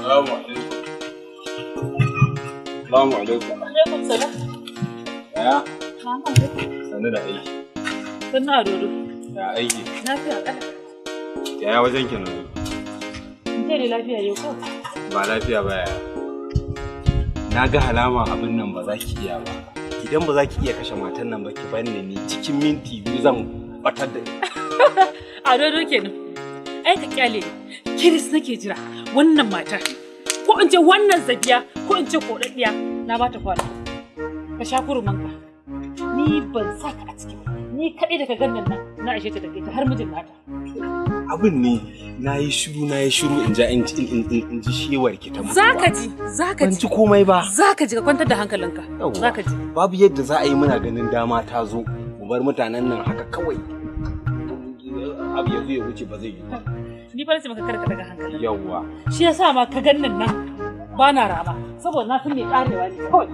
Salamu alaikum. Salamu alaikum. Alaikum salam. Ya? Sannu da aiki. Sannu a dodo. Ya aiki. Lafiya kada. Yaya wajen ki nan? Ita ne lafiya yau ko? Ba lafiya ba yaya. Na ga halama abin nan ba za ki iya ba. Idan ba za ki iya kashe matan nan ba ki banne ni cikin minti biyu zan batar da ita. A dodo kenan. ai ka kyale kiris nake jira wannan matar ko in ce wannan zabiya ko in ce kodaddiya na bata kwana ka sha kurumin ka ni ban sa ka a ciki ni kaɗai daga gannan nan na ashe ta dake ta har mijin nata abin ne na yi shiru na yi shiru in ja in ji shewar ki ta mutuwa. Zaka ji, zaka ji. Ban ji komai ba. Zaka ji ka kwantar da hankalinka. Zaka ji. Babu yadda za a yi muna ganin dama ta zo mu bar mutanen nan haka kawai. abu yanzu ya wuce ba zai yi fa ni ba baka karka daga hankali yawwa shi yasa ma ka gannin nan ba na rama saboda na san me karewa ne kawai